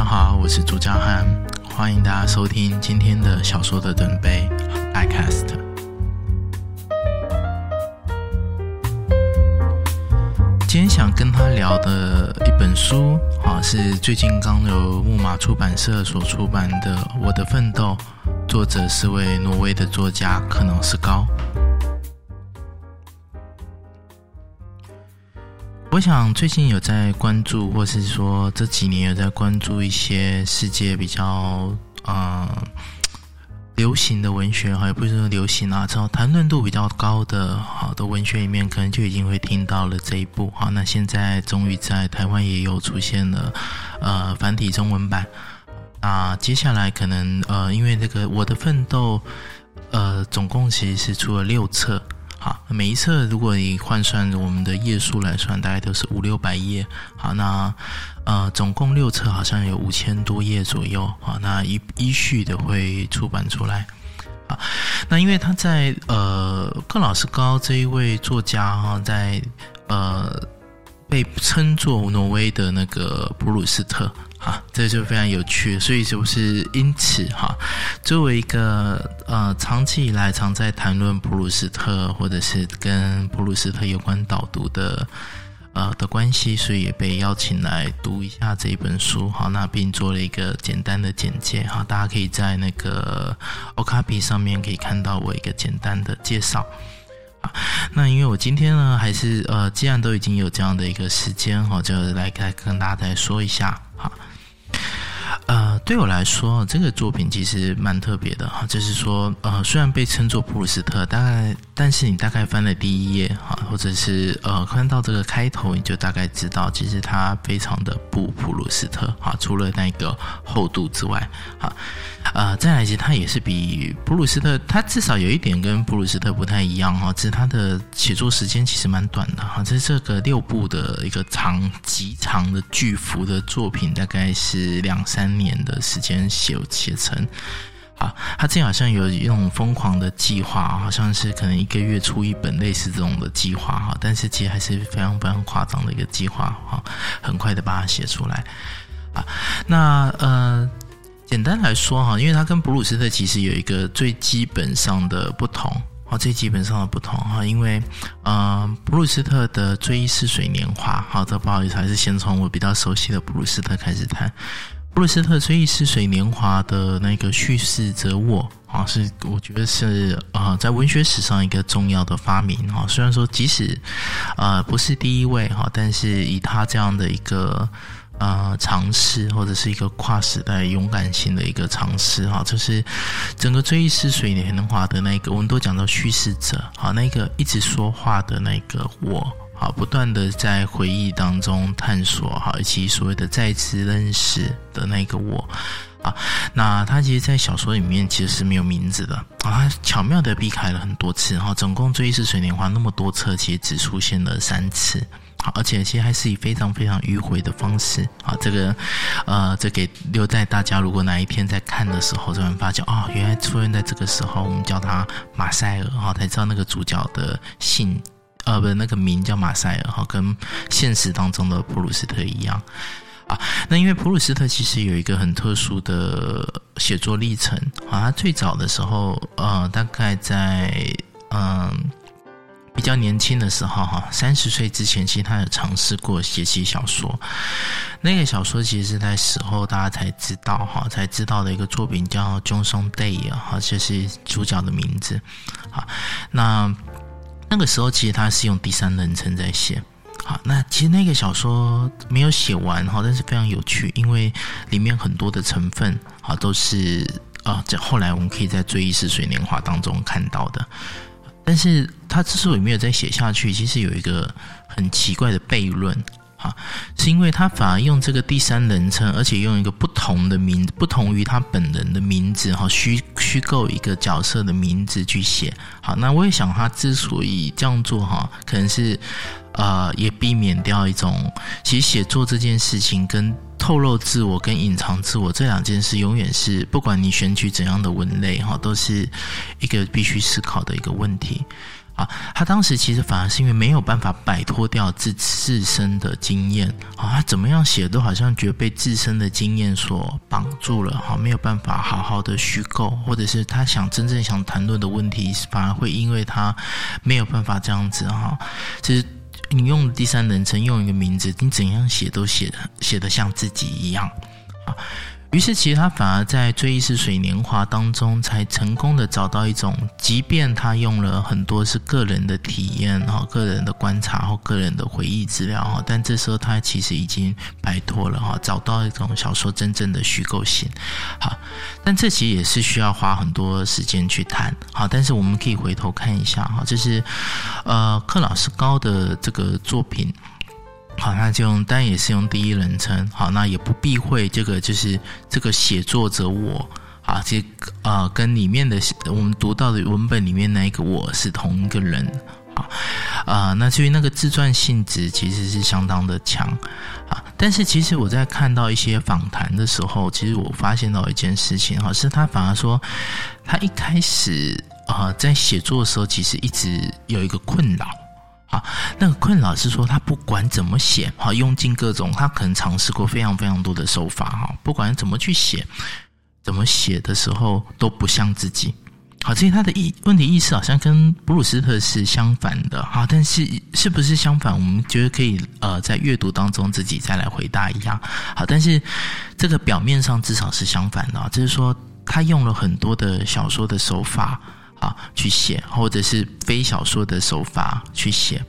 大家好，我是朱佳漢，歡迎大家收聽今天的小說的準備，iCast。今天想跟他聊的一本書，哈，是最近剛由木馬出版社所出版的《我的奮鬥》，作者是位挪威的作家，克瑙斯高。我想最近有在關注，或是說這幾年有在關注一些世界比較啊、呃、流行的文學，哈，也不是說流行啊，這種談論度比較高的好的文學裡面，可能就已經會聽到了這一部。好，那現在終於在台灣也有出現了，呃，繁體中文版啊。接下來可能呃，因為這個我的奮鬥，呃，總共其實是出了六冊。好，每一冊如果你換算我們的頁數來算，大概都是五六百頁。好，那呃，總共六冊好像有五千多頁左右。好，那一一續的會出版出來。啊，那因為他在呃，克瑙斯高這一位作家哈，在呃。被稱作挪威的那個普魯斯特，哈，這就非常有趣。所以就是因此哈，作為一個呃長期以來常在談論普魯斯特或者是跟普魯斯特有關導讀的呃的關係，所以也被邀請來讀一下這一本書，好，那並做了一個簡單的簡介，好，大家可以在那個 OKAPI 上面可以看到我一個簡單的介紹。好，那因為我今天呢，還是呃，既然都已經有這樣的一個時間哈、哦，就來，來跟大家再說一下哈。呃，對我來說，這個作品其實蠻特別的哈，就是說呃，雖然被稱作普魯斯特，大概但是你大概翻了第一頁哈，或者是呃翻到這個開頭，你就大概知道，其實它非常的不普魯斯特哈，除了那個厚度之外哈。啊、呃，再來一次，他也是比普魯斯特，他至少有一點跟普魯斯特不太一樣哈，就是他的寫作時間其實蠻短的哈，在這個六部的一個長極長的巨幅的作品，大概是兩三年的時間寫寫成。他這好像有一種瘋狂的計劃，好像是可能一個月出一本類似這種的計劃哈，但是其實還是非常非常誇張的一個計劃哈，很快的把它寫出來啊，那呃。簡單來說哈，因為他跟普魯斯特其實有一個最基本上的不同啊，最基本上的不同哈，因為啊，呃，普魯斯特的《追憶似水年華》好，這不好意思，還是先從我比較熟悉的普魯斯特開始談。普魯斯特《追憶似水年華》的那個敘事者我啊，是我覺得是啊、呃，在文學史上一個重要的發明哈，雖然說即使啊、呃，不是第一位哈，但是以他這樣的一個。啊，嘗試、呃、或者是一個跨時代勇敢性的一個嘗試哈，就是整個追憶似水年華的那個，我們都講到敘事者啊，那個一直說話的那個我啊，不斷的在回憶當中探索哈，以及所謂的再次認識的那個我啊，那他其實，在小說裡面其實是沒有名字的啊，他巧妙的避開了很多次哈，總共追憶似水年華那麼多冊，其實只出現了三次。好，而且其實還是以非常非常迂回的方式啊，這個，呃，這給留待大家，如果哪一天在看的時候，突然發覺，哦，原來出現在這個時候，我們叫他馬賽爾哈，才知道那個主角的姓，呃，不是，那個名叫馬賽爾哈，跟現實當中的普魯斯特一樣啊。那因為普魯斯特其實有一個很特殊的寫作歷程啊，他最早的時候，呃，大概在嗯。呃比較年輕的時候，哈，三十歲之前，其實他有嘗試過寫起小說。那個小說其實是在時候大家才知道，哈，才知道的一個作品叫《中松 day》，好像是主角的名字，啊，那那個時候其實他是用第三人稱在寫，好，那其實那個小說沒有寫完，哈，但是非常有趣，因為裡面很多的成分，啊，都是啊，後來我們可以在《追憶似水年華》當中看到的。但是他之所以沒有再寫下去，其實有一個很奇怪的悖論，哈，是因為他反而用這個第三人稱，而且用一個不同的名，不同於他本人的名字，哈，虛虛構一個角色的名字去寫。好，那我也想他之所以這樣做，哈，可能是，啊、呃，也避免掉一種，其實寫作這件事情跟。透露自我跟隱藏自我這兩件事，永遠是不管你選取怎樣的文類哈，都是一個必須思考的一個問題。啊，他當時其實反而是因為沒有辦法擺脫掉自自身的經驗，啊，他怎麼樣寫都好像覺得被自身的經驗所綁住了，哈，沒有辦法好好的虛構，或者是他想真正想談論的問題，反而會因為他沒有辦法這樣子哈，其實。你用第三人稱用一個名字，你怎樣寫都寫的寫的像自己一樣，啊。於是，其實他反而在《追憶似水年華》當中，才成功的找到一種，即便他用了很多是個人的體驗、哈個人的觀察、個人的回憶資料、哈，但這時候他其實已經擺脫了哈，找到一種小說真正的虛構性好，但這其實也是需要花很多時間去談，好，但是我們可以回頭看一下，哈、就，是，呃，克瑙斯高的這個作品。好，那就用但也是用第一人稱。好，那也不避諱這個，就是這個寫作者我，啊，這呃，跟裡面的我們讀到的文本裡面那個我是同一個人啊、呃。那至於那個自傳性質其實是相當的強啊。但是其實我在看到一些訪談的時候，其實我發現到一件事情，好，是他反而說，他一開始啊、呃、在寫作的時候，其實一直有一個困擾。好，那個昆老師說，他不管怎麼寫，哈，用盡各種，他可能嘗試過非常非常多的手法，哈，不管怎麼去寫，怎麼寫的時候都不像自己。好，所以他的意問題意識好像跟普魯斯特是相反的，哈，但是是不是相反，我們覺得可以呃，在閱讀當中自己再來回答一下。好，但是這個表面上至少是相反的，就是說他用了很多的小說的手法。啊，去寫，或者是非小說的手法去寫，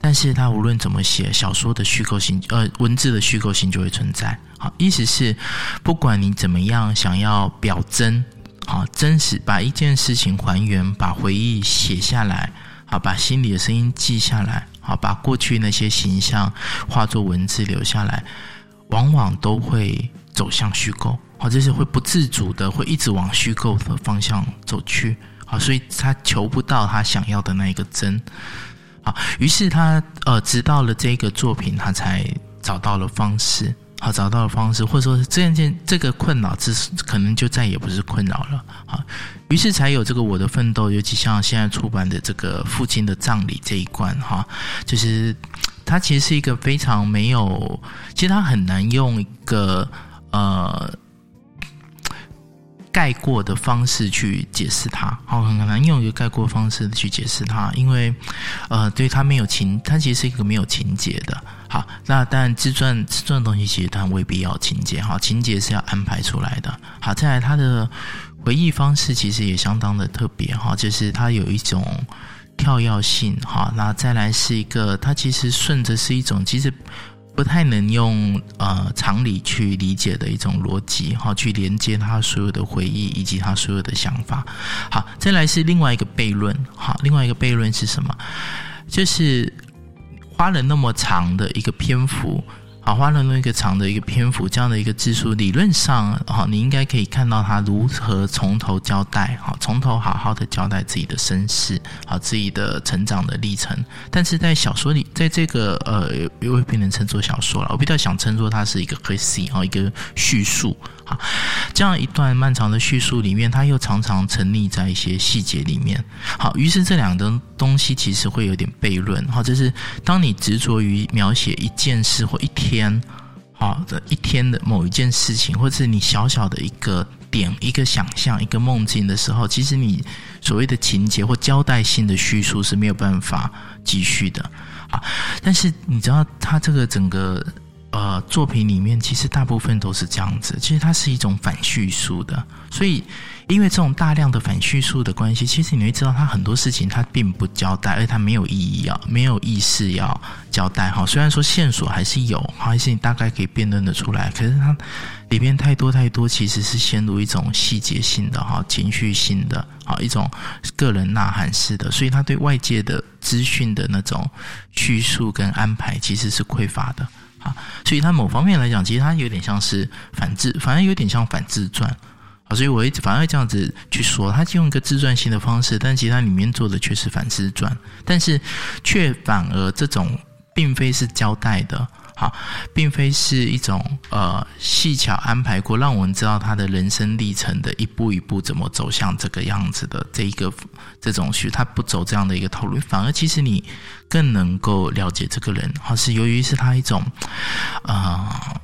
但是他無論怎麼寫，小說的虛構性，呃，文字的虛構性就會存在。好，意思是，不管你怎麼樣想要表徵，啊，真實，把一件事情還原，把回憶寫下來，啊，把心裡的聲音記下來，啊，把過去那些形象化作文字留下來，往往都會走向虛構，啊，就是會不自主的會一直往虛構的方向走去。啊，所以他求不到他想要的那一個真。好，於是他呃直到了這個作品，他才找到了方式，好，找到了方式，或者說這件、個、這個困擾，之可能就再也不是困擾了，好，於是才有這個我的奮鬥，尤其像現在出版的這個父親的葬禮這一關，哈，就是他其實是一個非常沒有，其實他很難用一個呃。概括的方式去解釋它。好，很難用一個概括方式去解釋它，因為呃，對它沒有情，它其實是一個沒有情節的。好，那但自傳自傳的東西其實它未必要情節，哈，情節是要安排出來的。好，再來他的回憶方式其實也相當的特別，哈，就是它有一種跳躍性，哈，那再來是一個，它其實順着是一種其實。不太能用呃常理去理解的一種邏輯哈，去連接他所有的回憶以及他所有的想法。好，再來是另外一個悖論哈，另外一個悖論是什麼？就是花了那麼長的一個篇幅。《桃花源》一個長的一個篇幅，這樣的一個技術理論上，哈，你應該可以看到他如何從頭交代，哈，從頭好好的交代自己的身世，好，自己的成長的歷程。但是在小說裡，在這個呃，又會被人稱作小說了。我比較想稱作它是一個敘事，啊，一個敘述。這樣一段漫長的敘述裡面，他又常常沉溺在一些細節裡面。好，於是這兩個東西其實會有點悖論。好，就是當你執着於描寫一件事或一天，好的一天的某一件事情，或是你小小的一個點、一個想象、一個夢境的時候，其實你所謂的情節或交代性的敘述是沒有辦法繼續的。啊，但是你知道，他這個整個。呃，作品裡面其實大部分都是這樣子。其實它是一種反敘述的，所以因為這種大量的反敘述的關係，其實你會知道，他很多事情他並不交代，而他沒有意義啊，沒有意思要交代。哈，雖然說線索還是有，還是你大概可以辨認得出來，可是它裡面太多太多，其實是陷入一種細節性的哈，情緒性的哈，一種個人吶喊式的，所以他對外界的資訊的那種敘述跟安排其實是匱乏的。啊，所以它某方面來講，其實它有點像是反自，反而有點像反自傳，啊，所以我一直反而這樣子去說，它用一個自傳性的方式，但其實它裡面做的卻是反自傳，但是卻反而這種並非是交代的。好，並非是一種呃細巧安排過，讓我們知道他的人生歷程的一步一步怎麼走向這個樣子的這一個這種序，他不走這樣的一個套路，反而其實你更能夠了解這個人。好，是由於是他一種啊、呃、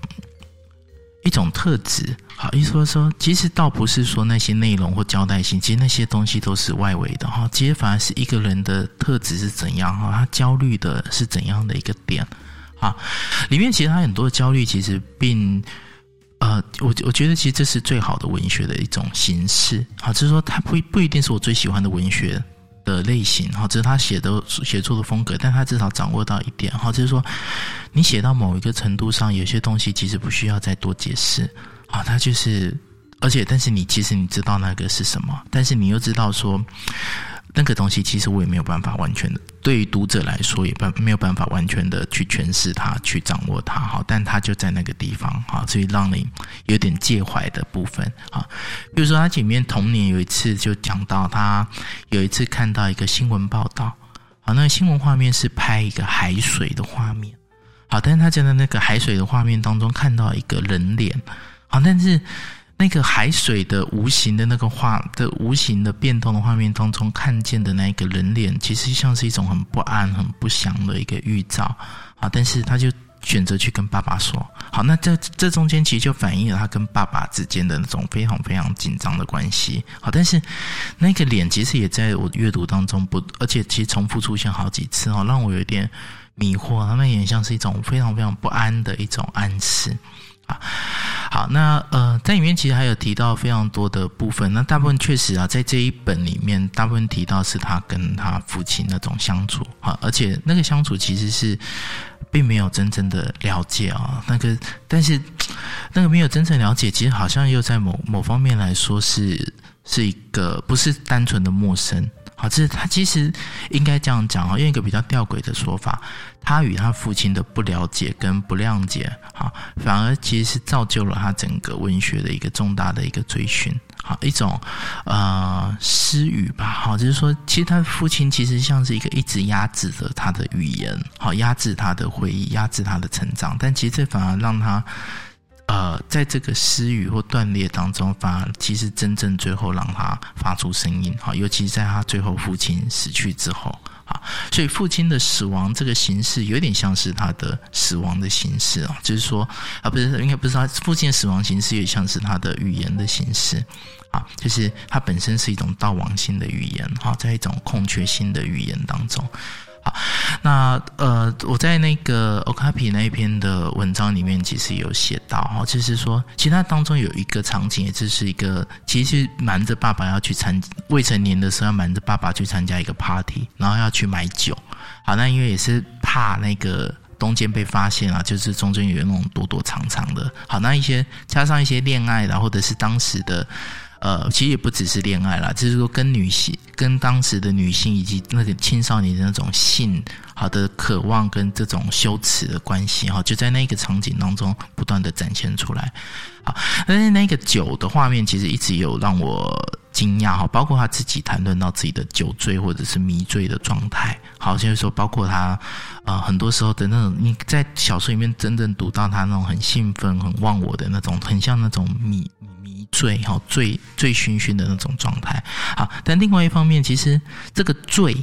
一種特質。好，意思說，其實倒不是說那些內容或交代性，其實那些東西都是外圍的哈。其實反而是一個人的特質是怎樣哈，他焦慮的是怎樣的一個點好。裡面其實他很多的焦慮，其實並，呃，我我覺得其實這是最好的文學的一種形式，好，就是說，他不不一定是我最喜歡的文學的類型，好，只是他寫的寫作的風格，但他至少掌握到一點，好，就是說，你寫到某一個程度上，有些東西其實不需要再多解釋，好，他就是，而且但是你其實你知道那個是什麼，但是你又知道說。那個東西其實我也沒有辦法完全的，對於讀者來說也辦沒有辦法完全的去詮釋它，去掌握它。好，但它就在那個地方，好，所以讓你有點介懷的部分，好，比如說他前面童年有一次就講到，他有一次看到一個新聞報道，好，那個新聞畫面是拍一個海水的畫面，好，但是他真在那個海水的畫面當中看到一個人臉，好，但是。那個海水的無形的那個畫的無形的變動的畫面當中，看見的那一個人臉，其實像是一種很不安、很不祥的一個預兆啊！好，但是他就選擇去跟爸爸說。好，那這這中間其實就反映了他跟爸爸之間的那種非常非常緊張的關係。好，但是那個臉其實也在我閱讀當中不，而且其實重複出現好幾次哦，讓我有點迷惑。那也像是一種非常非常不安的一種暗示啊。好，那呃，在裡面其實還有提到非常多的部分。那大部分確實啊，在這一本裡面，大部分提到是他跟他父親那種相處啊，而且那個相處其實是並沒有真正的了解啊、哦。那個，但是那個沒有真正了解，其實好像又在某某方面來說是是一個不是單純的陌生。好，這他其實應該這樣講，因用一個比較弔詭的說法，他與他父親的不了解跟不諒解，反而其實是造就了他整個文學的一個重大的一個追尋，好，一種呃私語吧，好，就是說，其實他父親其實像是一個一直壓制着他的語言，好，壓制他的回憶，壓制他的成長，但其實這反而讓他。呃，在這個失語或斷裂當中發，其實真正最後讓他發出聲音，尤其是在他最後父親死去之後。好，所以父親的死亡這個形式有點像是他的死亡的形式，啊，就是說啊，不是應該不是他父親的死亡形式，有點像是他的語言的形式啊，就是他本身是一種悼亡性的語言，好，在一種空缺性的語言當中。好，那呃，我在那個 Okapi 那一篇的文章裡面，其實有寫到哦，就是說，其他當中有一個場景，也就是一個其實是瞞着爸爸要去參未成年的時候要瞞着爸爸去參加一個 party，然後要去買酒。好，那因為也是怕那個中間被發現啊，就是中間有那種躲躲藏藏的。好，那一些加上一些戀愛的，然後或者是當時的。呃，其實也不只是戀愛啦。就是說跟女性、跟當時的女性以及那個青少年的那種性好的渴望跟這種羞恥的關係哈，就在那個場景當中不斷的展現出來。好，但是那個酒的畫面其實一直有讓我驚訝哈，包括他自己談論到自己的酒醉或者是迷醉的狀態，好，就是說包括他呃很多時候的那種你在小說裡面真正讀到他那種很興奮、很忘我的那種，很像那種迷。醉哈，醉醉醺醺的那種狀態。好，但另外一方面，其實這個醉，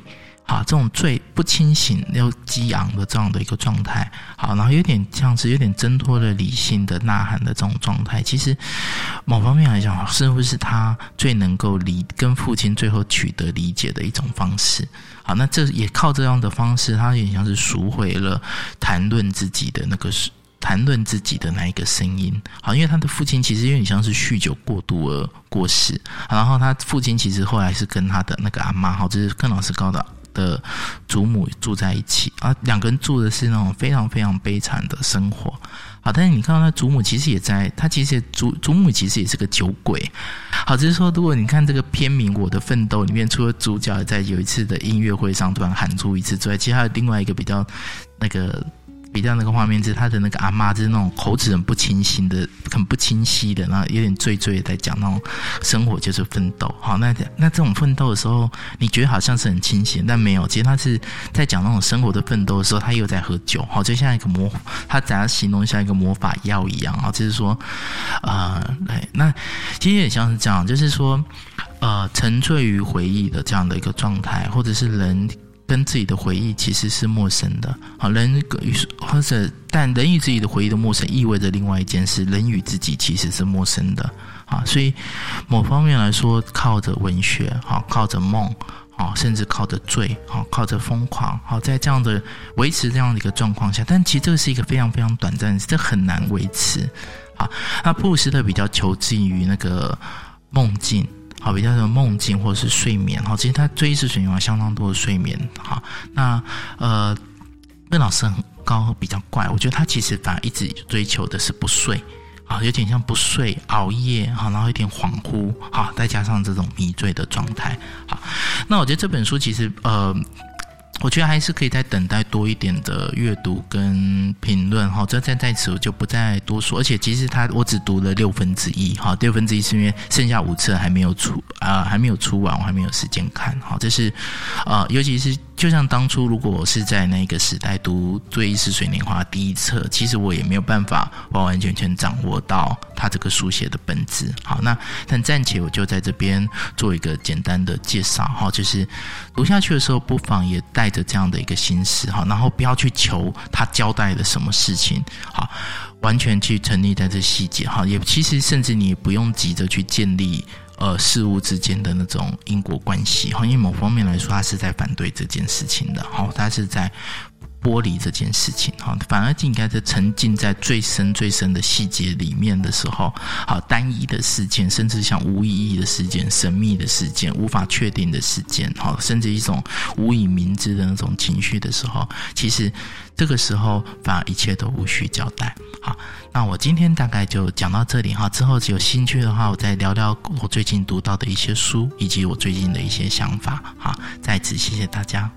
哈，這種醉不清醒又激昂的這樣的一個狀態，好，然後有點像是有點掙脫了理性的吶喊的這種狀態。其實某方面來講，似乎是他最能夠理跟父親最後取得理解的一種方式。好，那這也靠這樣的方式，他也像是贖回了談論自己的那個是。談論自己的那一個聲音，好，因為他的父親其實因為好像是酗酒過度而過世，然後他父親其實後來是跟他的那個阿嬤，好，就是跟克瑙斯高的的祖母住在一起啊，兩個人住的是那種非常非常悲慘的生活，好，但是你看到他祖母其實也在，他其實祖祖母其實也是個酒鬼，好，只、就是說如果你看這個片名《我的奮鬥》裡面，除了主角也在有一次的音樂會上突然喊出一次之外，其實還有另外一個比較那個。比較那個畫面，就是他的那個阿媽，就是那種口齒很不清新的，很不清晰的，然後有點醉醉的在講那種生活就是奮鬥。好，那那這種奮鬥的時候，你覺得好像是很清醒，但沒有，其實他是在講那種生活的奮鬥的時候，他又在喝酒。好，就像一個魔，他怎樣形容像一個魔法藥一樣啊？就是說，啊、呃，來，那其實也很像是這樣，就是說，呃，沉醉於回憶的這樣的一個狀態，或者是人。跟自己的回憶其實是陌生的，啊，人或者但人與自己的回憶的陌生，意味着另外一件事，人與自己其實是陌生的，啊，所以某方面來說，靠着文學，好，靠着夢，啊，甚至靠着醉，啊，靠着瘋狂，好，在這樣的維持這樣的一個狀況下，但其實這是一個非常非常短暫的，這很難維持，啊，那普魯斯特比較求之於那個夢境。好，比較什麼夢境或者是睡眠，哈，其實他追是使用了相當多的睡眠，好，那呃，克瑙斯高，比較怪，我覺得他其實反而一直追求的是不睡，啊，有點像，不睡熬夜哈，然後有點恍惚哈，再加上這種迷醉的狀態，好。那我覺得這本書其實呃。我覺得還是可以再等待多一點的閱讀跟評論哈，這在此我就不再多說。而且其實它我只讀了六分之一哈。六分之一是因為剩下五冊還沒有出啊、呃，還沒有出完，我還沒有時間看哈。這是，呃，尤其是。就像當初如果我是在那個時代讀《追憶似水年華》第一冊，其實我也沒有辦法完完全全掌握到他這個書寫的本質。好，那但暫且我就在這邊做一個簡單的介紹。哈，就是讀下去的時候，不妨也帶着這樣的一個心思哈，然後不要去求他交代了什麼事情，好，完全去沉溺在這細節哈。也其實甚至你也不用急着去建立。呃，事物之間的那種因果關係，因為某方面來說，他是在反對這件事情的，好、哦，他是在。剝離這件事情哈，反而應該是沉浸在最深、最深的細節裡面的時候。好，單一的事件，甚至像無意義的事件、神秘的事件、無法確定的事件，好，甚至一種無以名之的那種情緒的時候，其實這個時候反而一切都無需交代。好，那我今天大概就講到這裡哈，之後有興趣的話，我再聊聊我最近讀到的一些書以及我最近的一些想法。哈，在此謝謝大家。